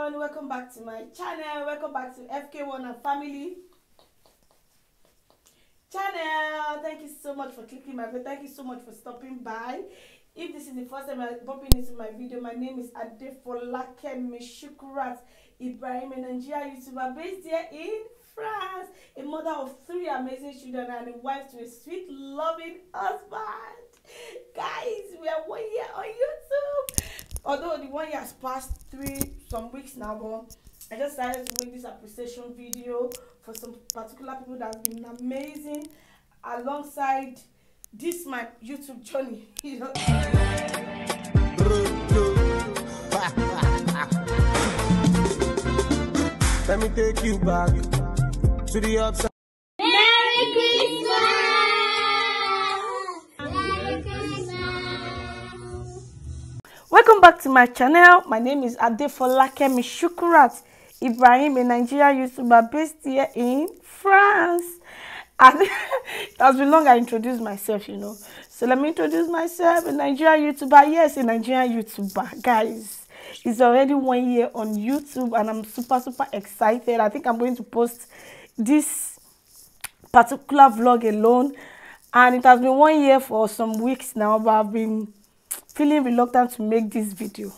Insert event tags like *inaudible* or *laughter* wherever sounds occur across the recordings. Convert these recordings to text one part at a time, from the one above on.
everyone welcome back to my channel welcome back to fk1 and family channel thank you so much for clicking my video thank you so much for stopping by if this is the first time i'm popping into my video my name is adefolakemi shukrat ibrahim a nigerian youtuber based here in france a mother of three amazing children and a wife to a sweet loving husband guys we are one year on youtube although the one year has passed three some weeks now but i just decided to make this appreciation video for some particular people that have been amazing alongside this my youtube journey *laughs* you know *laughs* let me take you back to the upside back to my channel my name is adefolakemi shukurat ibrahim a nigerian youtuber based here in france and *laughs* it has been long i introduced myself you know so let me introduce myself a nigerian youtuber yes a nigerian youtuber guys it's already one year on youtube and i'm super super excited i think i'm going to post this particular vlog alone and it has been one year for some weeks now but i've been feeling reluctant to make this video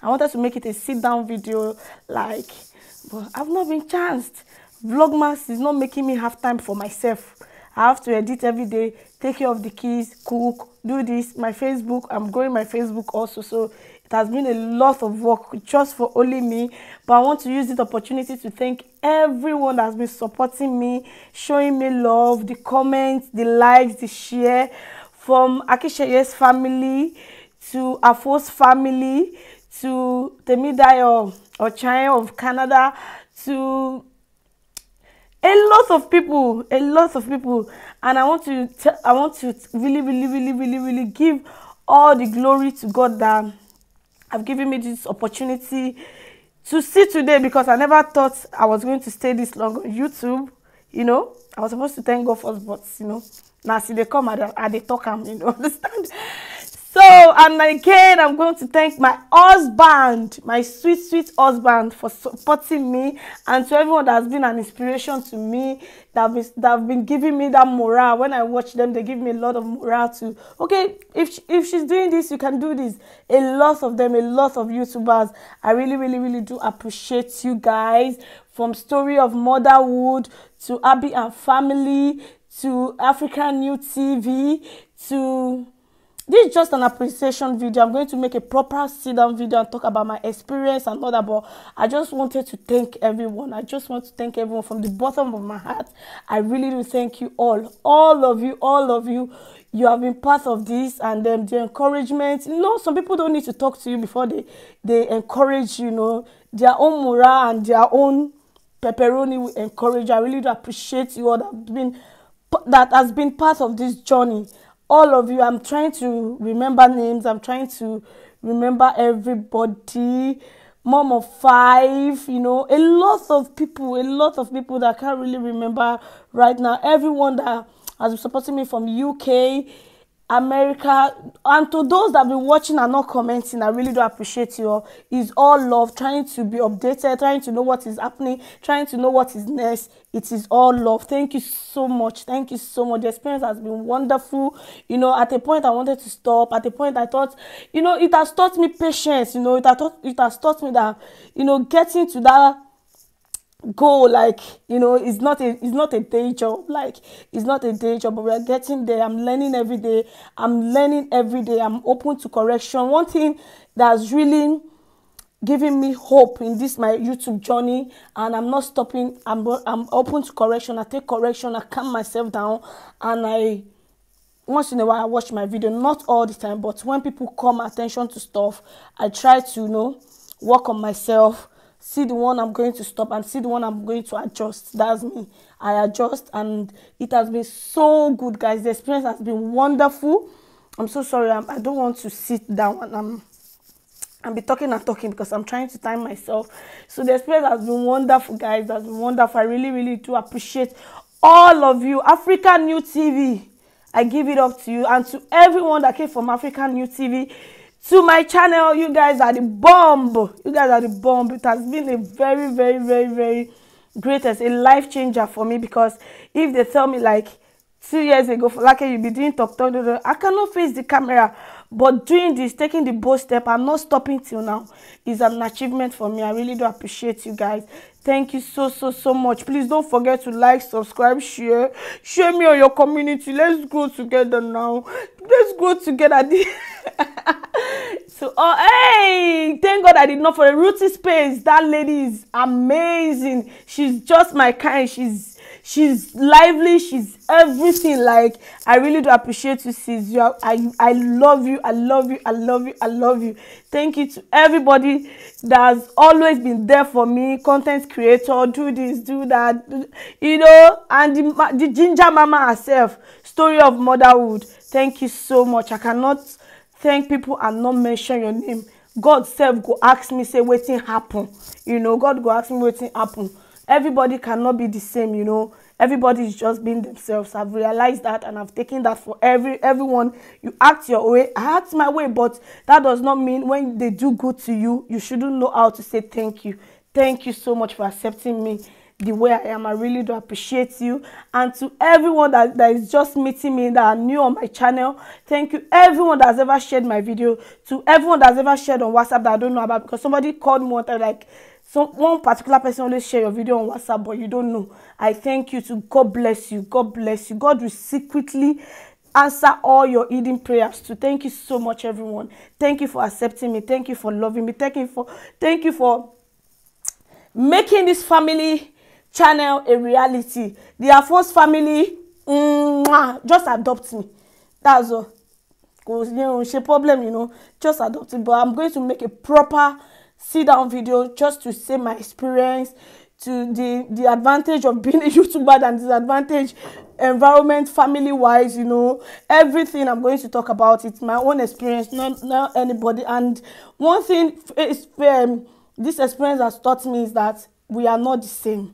i wanted to make it a sit down video like but i've not been chanced vlogmas is not making me have time for myself i have to edit every day take care of the kids cook do this my facebook i'm growing my facebook also so it has been a lot of work just for only me but i want to use this opportunity to thank everyone that has been supporting me showing me love the comments the likes the share from akisheye's family to Afo's family, to Temidayo Ochain of Canada, to a lot of people, a lot of people. And I want to, t- I want to really, really, really, really, really give all the glory to God that have given me this opportunity to see today because I never thought I was going to stay this long on YouTube. You know, I was supposed to thank God first, but you know, now see they come and they, talk, I'm you know, *laughs* understand. So, and again, I'm going to thank my husband, my sweet, sweet husband, for supporting me and to everyone that has been an inspiration to me, that, be, that have been giving me that morale. When I watch them, they give me a lot of morale to, okay, if, she, if she's doing this, you can do this. A lot of them, a lot of YouTubers. I really, really, really do appreciate you guys. From Story of Motherhood to Abby and Family to African New TV to this is just an appreciation video i'm going to make a proper sit down video and talk about my experience and all that but i just wanted to thank everyone i just want to thank everyone from the bottom of my heart i really do thank you all all of you all of you you have been part of this and um, the encouragement you know some people don't need to talk to you before they they encourage you know their own morale and their own pepperoni will encourage i really do appreciate you all that have been that has been part of this journey all of you i'm trying to remember names i'm trying to remember everybody mom of five you know a lot of people a lot of people that i can't really remember right now everyone that has been supporting me from uk America and to those that have been watching and not commenting I really do appreciate you all it's all love trying to be updated trying to know what is happening trying to know what is next it is all love thank you so much thank you so much the experience has been wonderful you know at a point I wanted to stop at a point I thought you know it has taught me patience you know it has taught, it has taught me that you know getting to that go like you know it's not a it's not a day job like it's not a day job but we are getting there i'm learning every day i'm learning every day i'm open to correction one thing that's really giving me hope in this my youtube journey and i'm not stopping i'm i'm open to correction i take correction i calm myself down and i once in a while i watch my video not all the time but when people call my attention to stuff i try to you know work on myself see the one i'm going to stop and see the one i'm going to adjust that's me i adjust and it has been so good guys the experience has been wonderful i'm so sorry I'm, i don't want to sit down and i'm and be talking and talking because I'm trying to time myself. So the experience has been wonderful, guys. That's been wonderful. I really, really do appreciate all of you. African New TV, I give it up to you. And to everyone that came from African New TV, to my channel you guys are the bomb you guys are the bomb it has been a very very very very greatest a life changer for me because if they tell me like two years ago for like you be doing talk talk, top i cannot face the camera but doing this taking the bold step i'm not stopping till now is an achievement for me i really do appreciate you guys thank you so so so much please don't forget to like subscribe share share me on your community let's grow together now let's grow together *laughs* So, oh, hey, thank God I did not for a rooty space. That lady is amazing. She's just my kind. She's she's lively. She's everything. Like I really do appreciate you, sis. You, are, I, I love you. I love you. I love you. I love you. Thank you to everybody that has always been there for me. Content creator, do this, do that, you know. And the, the ginger mama herself, story of motherhood. Thank you so much. I cannot thank people and not mention your name god said, go ask me say wetin happen you know god go ask me wetin happen everybody cannot be the same you know everybody is just being themselves i've realized that and i've taken that for every everyone you act your way i act my way but that does not mean when they do good to you you shouldn't know how to say thank you thank you so much for accepting me the way I am. I really do appreciate you. And to everyone that, that is just meeting me that are new on my channel, thank you. Everyone that's ever shared my video, to everyone that's ever shared on WhatsApp that I don't know about because somebody called me one time like, so one particular person always share your video on WhatsApp, but you don't know. I thank you to God bless you. God bless you. God will secretly answer all your hidden prayers To Thank you so much, everyone. Thank you for accepting me. Thank you for loving me. Thank you for thank you for making this family channel a reality The first family mwah, just adopt me that's all kò you know ṣe problem you know just adopt me but i'm going to make a proper sit down video just to say my experience to the the advantage of being a *laughs* youtuber and disadvantage environment family wise you know everything i'm going to talk about it's my own experience not not anybody and one thing is um, this experience has taught me is that we are not the same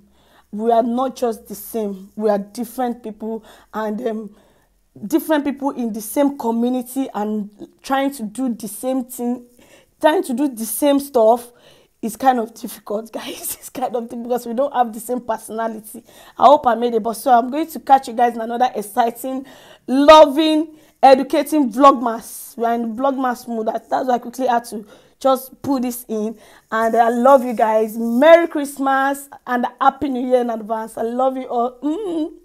we are not just the same we are different people and um, different people in the same community and trying to do the same thing trying to do the same stuff is kind of difficult *laughs* guys it's kind of difficult because we don't have the same personality i hope i made it but so i'm going to catch you guys in another exciting loving educating vlogmas we are in vlogmas mode that's why i quickly had to just put this in. And I love you guys. Merry Christmas and Happy New Year in advance. I love you all. Mm -hmm.